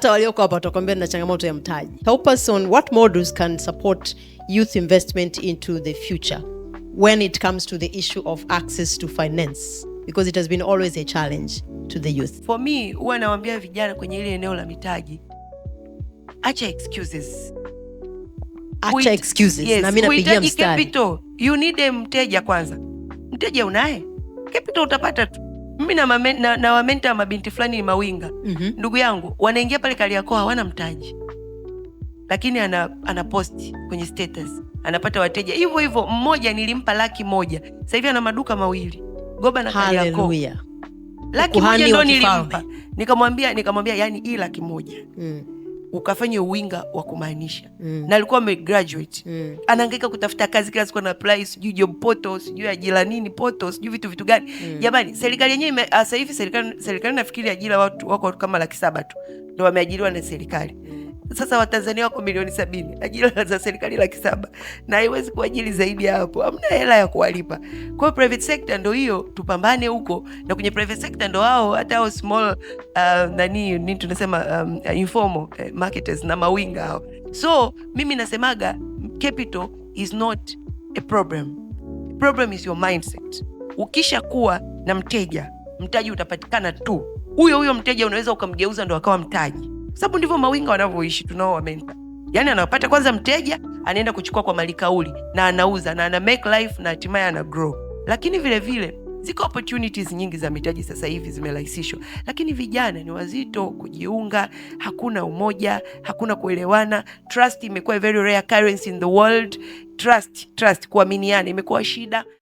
hata walioko hapa watakuambia na changamoto ya mtaji. Help us on what models can support youth investment into the future when it comes to the issue of access to finance because it has been always a challenge to the youth. For me, huwa nawambia vijana kwenye ile eneo la mitaji, acha excuses. Acha excuses. Yes, na mimi napigia mstari. You need a mteja kwanza. Mteja unaye? Capital utapata tu mimi na, na, na wamenta mabinti fulani ni mawinga mm -hmm. Ndugu yangu wanaingia pale Kariakoo hawana mtaji, lakini ana, ana post kwenye status anapata wateja hivyo hivyo. Mmoja nilimpa laki moja, sasa hivi ana maduka mawili Goba na Kariakoo. Laki moja ndo nilimpa, nikamwambia nikamwambia, yani hii laki moja mm ukafanye uwinga wa kumaanisha mm. na alikuwa amegraduate mm. anaangaika kutafuta kazi kila siku ana apply sijui job portal sijui ajira nini poto sijui vitu vitu gani mm. Jamani, serikali yenyewe ah, sasa hivi serikali serikali nafikiri ajira watu wako kama laki saba tu ndo wameajiriwa na serikali mm. Sasa Watanzania wako milioni sabini, ajira za serikali laki saba na haiwezi kuajiri zaidi ya hapo, hamna hela ya kuwalipa. Kwa hiyo private sector ndo hiyo, tupambane huko, na kwenye private sector ndo hao hata hao small uh, nani ni tunasema um, uh, informal uh, marketers na mawinga hao. So mimi nasemaga capital is not a problem, problem is your mindset. Ukisha kuwa na mteja, mtaji utapatikana tu. Huyo huyo mteja unaweza ukamgeuza ndo akawa mtaji sababu ndivyo mawinga wanavyoishi, tunao wamenta. Yani anapata kwanza mteja, anaenda kuchukua kwa malikauli na anauza na ana make life na hatimaye ana grow. Lakini vilevile vile, ziko opportunities nyingi za mitaji sasa hivi zimerahisishwa, lakini vijana ni wazito kujiunga. Hakuna umoja, hakuna kuelewana. Trust imekuwa very rare currency in the world. Trust, trust, kuaminiana imekuwa shida.